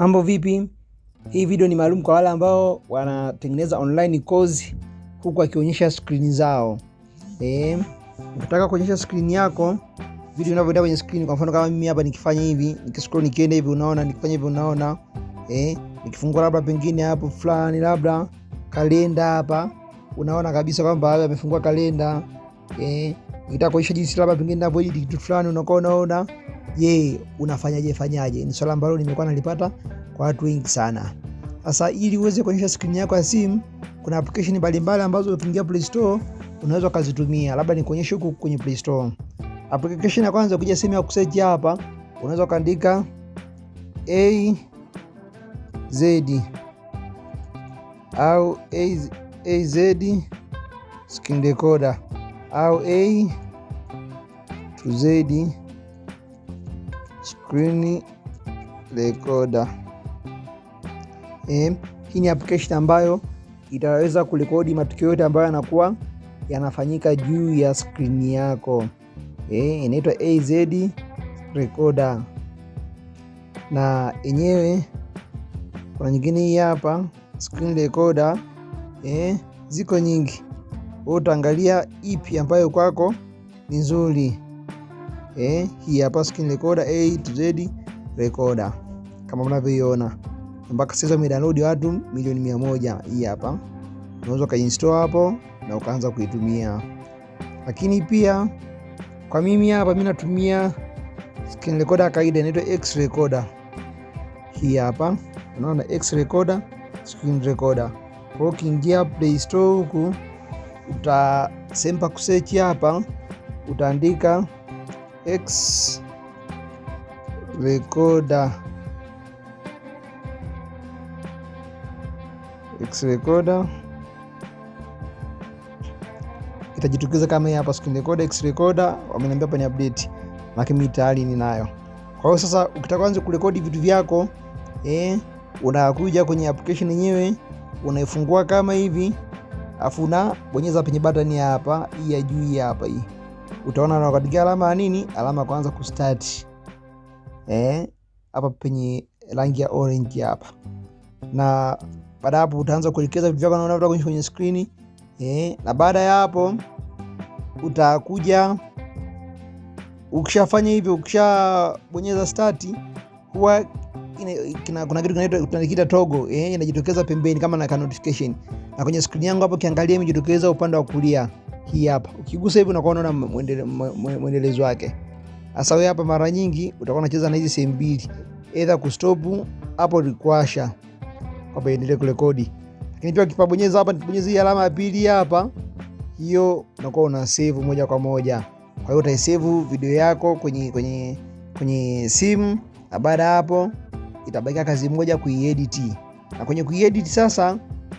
Mambo vipi? Hii video ni maalum kwa wale ambao wanatengeneza online course huku akionyesha screen zao. Eh, ukitaka kuonyesha screen yako, video inavyoenda kwenye screen. Kwa mfano kama mimi hapa nikifanya hivi, nikiscroll nikienda hivi, unaona, nikifanya hivi, unaona. Eh, nikifungua labda pengine hapo fulani labda kalenda hapa, unaona kabisa kwamba hapa amefungua kalenda. Eh, ukitaka kuonyesha jinsi labda pengine hii kitu fulani, unakuwa unaona je, unafanyaje fanyaje? Ni swala ambalo nimekuwa nalipata kwa watu wengi sana. Sasa ili uweze kuonyesha skrini yako ya simu, kuna application mbalimbali ambazo ukiingia Play Store unaweza ukazitumia. Labda nikuonyeshe huku kwenye Play Store. Application ya kwanza ukija sehemu ya kusearch hapa, unaweza ukaandika A Z au A Z screen recorder au A to Z screen recorder. Eh, hii ni application ambayo itaweza kurekodi matukio yote ambayo yanakuwa yanafanyika juu ya screen yako. Eh, inaitwa AZ recorder na yenyewe kuna nyingine hii hapa screen recorder eh, ziko nyingi. Wewe utaangalia ipi ambayo kwako ni nzuri eh, hii hapa screen recorder A to Z recorder kama mnavyoiona, mpaka sasa imedownload watu milioni mia moja. Hii hapa unaweza ukainstall hapo na ukaanza kuitumia, lakini pia kwa mimi hapa mimi natumia screen recorder kawaida inaitwa X recorder. Hii hapa unaona X recorder, screen recorder. Kwa hiyo ukiingia Play Store huku uta sempa kusearch hapa utaandika X recorder X recorder itajitukiza kama hii hapa screen recorder. X recorder wameniambia hapa ni update, lakini mimi tayari ninayo. Kwa hiyo sasa ukitaka anza kurekodi vitu vyako eh, unakuja kwenye application yenyewe unaifungua kama hivi, afu unabonyeza penye button hapa hii ya juu hapa hii utaona na katika alama ya nini, alama kwanza kustart eh, hapa penye rangi ya orange hapa, na baada hapo utaanza kuelekeza vitu vyako naona kutoka kwenye screen eh, na baada ya hapo utakuja ukishafanya hivyo, ukishabonyeza start, huwa kuna kuna kitu tunakiita togo eh, inajitokeza pembeni kama na notification, na kwenye screen yangu hapo kiangalia imejitokeza upande wa kulia hii hapa. Ukigusa hivi unakuwa unaona mwendelezo wake. Sasa wewe hapa mara nyingi utakuwa unacheza na hizi sehemu mbili, either kustopu hapo requasha kwamba iendelee kurekodi, lakini pia ukipabonyeza hapa, nikibonyeza hii alama ya pili hapa, hiyo unakuwa una save moja kwa moja. Kwa hiyo utaisave video yako kwenye, kwenye, kwenye simu na baada hapo itabakia kazi moja kuiedit, na kwenye kuiedit sasa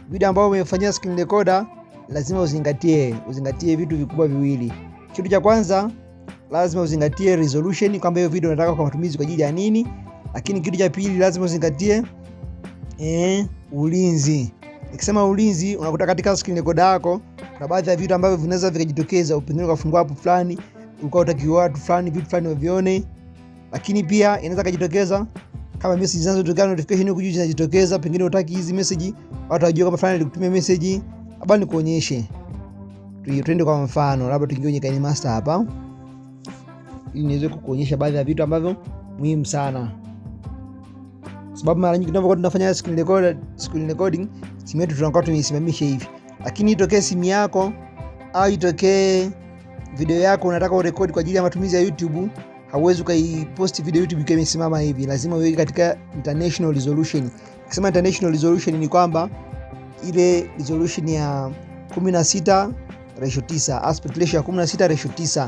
video ambayo umefanyia screen recorder lazima uzingatie uzingatie vitu vikubwa viwili. Kitu cha kwanza lazima uzingatie resolution kwamba hiyo video unataka kwa matumizi kwa ajili ya nini, lakini kitu cha pili lazima uzingatie eh, ulinzi. Nikisema ulinzi, unakuta katika screen record yako kuna baadhi ya vitu ambavyo vinaweza vikajitokeza, upengine ukafungua hapo fulani, ulikuwa utakiwa watu fulani vitu fulani wavione, lakini pia inaweza kajitokeza kama message zinazotokea notification huko juu zinajitokeza, pengine utaki hizi message watu wajue kama fulani alikutumia message hapa nikuonyeshe, tuende kwa mfano, labda tuingie kwenye Kaini Master hapa, ili niweze kukuonyesha baadhi ya vitu ambavyo muhimu sana, sababu mara nyingi tunapokuwa tunafanya screen record, screen recording simu yetu tunakuwa tumeisimamisha hivi, lakini itokee simu yako au itokee video yako unataka urekodi kwa ajili ya matumizi ya YouTube, hauwezi ukaipost video YouTube ikiwa imesimama hivi, lazima uweke katika international resolution. kisema international resolution ni kwamba ile resolution ya 16 ratio 9, aspect ratio ya 16 ratio 9.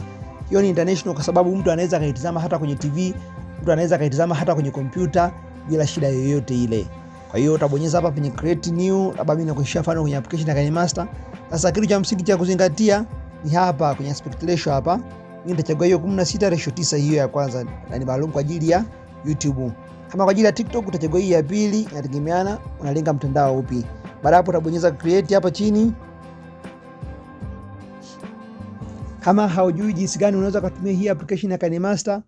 Hiyo ni international kwa sababu mtu anaweza akaitazama hata kwenye TV, mtu anaweza akaitazama hata kwenye kompyuta bila shida yoyote ile. Kwa hiyo utabonyeza hapa kwenye create new, labda mimi nakuishia mfano kwenye application ya KineMaster. Sasa kitu cha msingi cha kuzingatia ni hapa kwenye aspect ratio hapa. Mimi nitachagua hiyo 16 ratio 9 hiyo ya kwanza na ni maalum kwa ajili ya YouTube. Kama kwa ajili ya TikTok utachagua hii ya pili, inategemeana unalenga mtandao upi. Baada hapo utabonyeza create hapa chini. Kama haujui jinsi gani unaweza kutumia hii application ya Master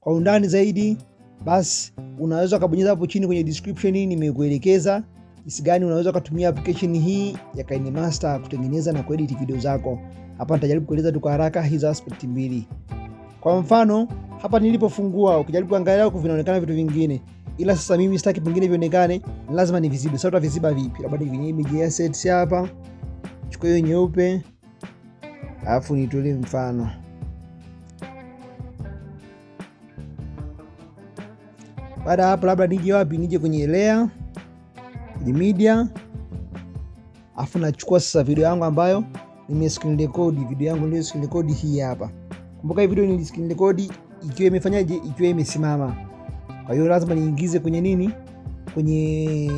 kwa undani zaidi, basi unaweza kubonyeza hapo chini kwenye description hii, nimekuelekeza jinsi gani unaweza kutumia application hii ya Master kutengeneza na kuedit video zako. Hapa nitajaribu kueleza tu kwa haraka hizo aspect mbili. Kwa mfano, hapa nilipofungua, ukijaribu kuangalia huko vinaonekana vitu vingine. Ila sasa mimi sitaki vingine vionekane lazima ni vizibe. Sasa utaviziba vipi? Labda kwenye image assets hapa, chukua hiyo nyeupe, alafu nitulie mfano baada hapo, labda nije wapi? Nije kwenye layer, kwenye media, afu nachukua sasa video yangu ambayo nime screen record. Video yangu ndio screen record hii hapa. Kumbuka hii video ni screen record ikiwa imefanyaje, ikiwa imesimama. Kwa hiyo lazima niingize kwenye nini kwenye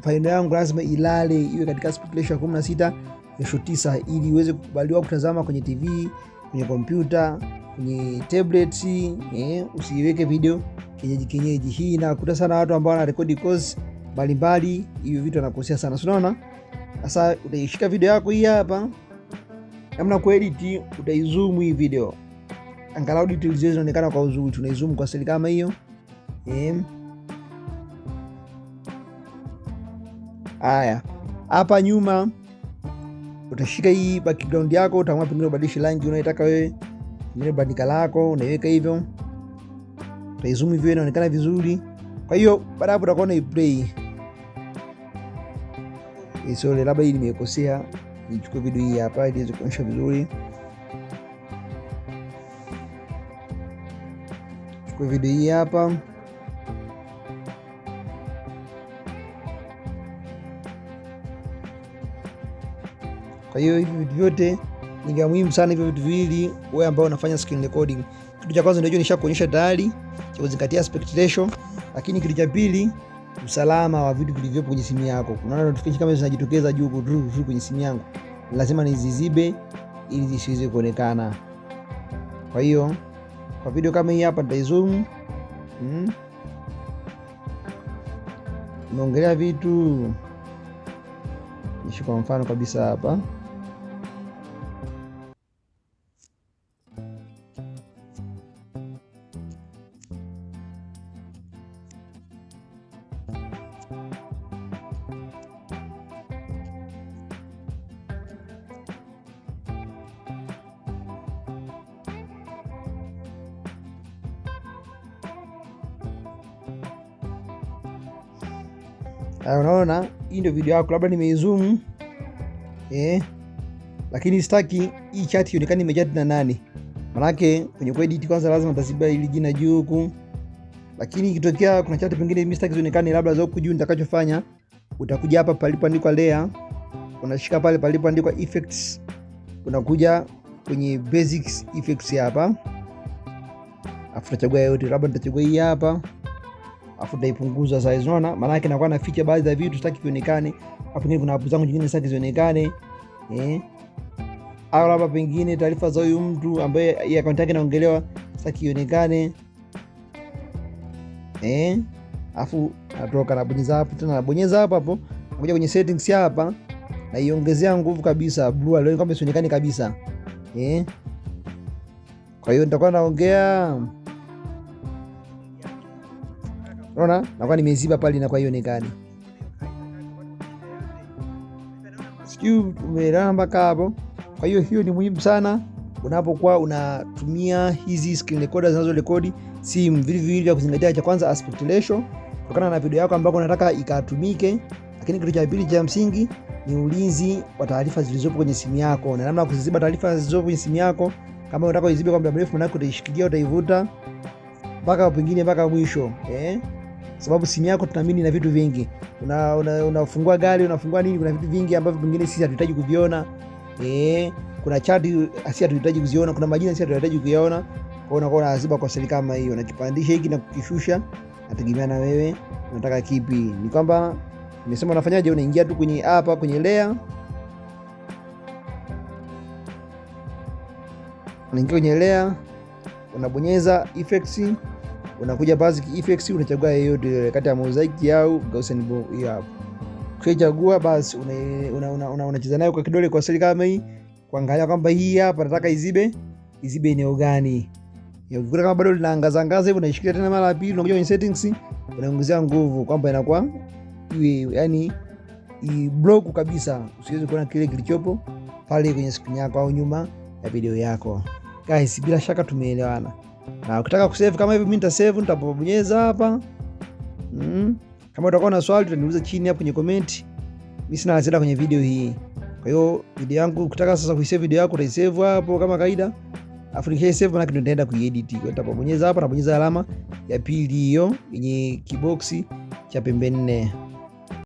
faino yangu lazima ilale iwe katika split ratio ya kumi na sita yasho tisa ili iweze kukubaliwa kutazama kwenye TV, kwenye kompyuta, kwenye tablet eh, usiiweke video kenyeji kenyeji. Hii inakuta sana watu ambao wanarekodi course mbalimbali, hiyo vitu anakosea sana, unaona. Sasa utaishika video yako hii hapa, namna kuedit, utaizoom hii video angalau details zinaonekana kwa uzuri, tunaizoom kwa seli kama hiyo eh Haya, hapa nyuma utashika hii background yako, utaamua pengine ubadilishe rangi unayotaka wewe, pengine bandika lako unaiweka hivyo, utaizoom hivyo, inaonekana vizuri. Kwa hiyo baada hapo utakuwa unaiplay. isole eh, labda hii nimekosea, nichukue video hii hapa ili iweze kuonyesha vizuri. Chukue video hii hapa. Kwa hiyo hivi vitu vyote ni vya muhimu sana, hivyo vitu viwili, wewe ambao unafanya screen recording. Kitu cha kwanza ndio nishakuonyesha tayari cha kuzingatia aspect ratio, lakini kitu cha pili usalama wa vitu vilivyopo kwenye simu yako. Kuna notification kama zinajitokeza juu juu kwenye simu yangu, lazima nizizibe ili zisiweze kuonekana. Kwa hiyo kwa video kama hii hapa nitaizoom. Mm. Naongelea vitu nishi, kwa mfano kabisa hapa Ah, unaona hii ndio video yako, labda nimeizoom eh, lakini sitaki hii chat ionekane imechat na nani, manake kwenye kuedit kwanza lazima nitaziba hili jina juu huku, lakini ikitokea kuna chat pengine mimi sitaki zionekane labda za huku juu, nitakachofanya utakuja hapa palipoandikwa layer, unashika pale palipoandikwa effects, unakuja kwenye basics effects hapa, afu utachagua yote, labda nitachagua hii hapa afu tutaipunguza size, unaona, maana yake nakuwa naficha baadhi ya vitu sitaki vionekane. Hapo pengine kuna app zangu nyingine sitaki zionekane eh, au labda pengine taarifa za huyu mtu ambaye ya account yake inaongelewa sitaki ionekane eh, afu natoka na bonyeza hapo tena, na bonyeza hapo hapo, nakuja kwenye settings hapa, na iongezea nguvu kabisa blue alio kama isionekane kabisa eh. Kwa hiyo nitakuwa naongea Unaona? Nakuwa nimeziba pale na kwa hiyo onekani. Sijui umeelewana mpaka Kwa hiyo hiyo ni muhimu sana unapokuwa unatumia hizi screen recorder zinazo rekodi simu, vile vile vya kuzingatia, cha kwanza aspect ratio, kutokana na video yako ambako unataka ikatumike, lakini kitu cha pili cha msingi ni ulinzi wa taarifa zilizopo kwenye simu yako na namna ya kuziziba taarifa zilizopo kwenye simu yako. Kama unataka uzizibe kwa muda mrefu, manake utaishikilia, utaivuta mpaka pengine mpaka mwisho eh? sababu simu yako tunaamini na vitu vingi, unafungua una, una gari unafungua nini, kuna vitu vingi ambavyo vingine sisi hatuhitaji kuviona e, kuna chati asi hatuhitaji kuziona, kuna majina sisi hatuhitaji kuyaona. Kwa unakuwa na lazima kwa seli kama hiyo, unakipandisha hiki na kukishusha, nategemea na wewe unataka kipi. Ni kwamba nimesema unafanyaje, unaingia tu kwenye hapa kwenye layer, unaingia kwenye layer, unabonyeza effects unakuja basic effects, unachagua yoyote kati ya mosaic au gaussian hapo. Ukichagua basi unacheza nayo kwa kidole kwa siri kama hii, kuangalia kwamba hii hapa nataka izibe izibe eneo gani. Ukikuta kama bado linaangaza angaza hivi, unaishikilia tena mara ya pili, unakuja kwenye settings, unaongezea nguvu kwamba inakuwa iwe yani block kabisa, usiwezi kuona kile kilichopo pale kwenye screen yako au nyuma ya video yako. Guys, bila shaka tumeelewana. Na ukitaka kusave kama hivi, mimi nitasave, nitapobonyeza hapa mm. Kama utakuwa na swali utaniuliza chini hapo kwenye comment. Mimi sina la kwenye video hii. Kwa hiyo video yangu ukitaka sasa kuisave video yako utaisave hapo kama kawaida. Afu nikisha save maana nitaenda kuiedit. Kwa hiyo nitapobonyeza hapa na bonyeza alama ya pili hiyo yenye kiboksi cha pembe nne.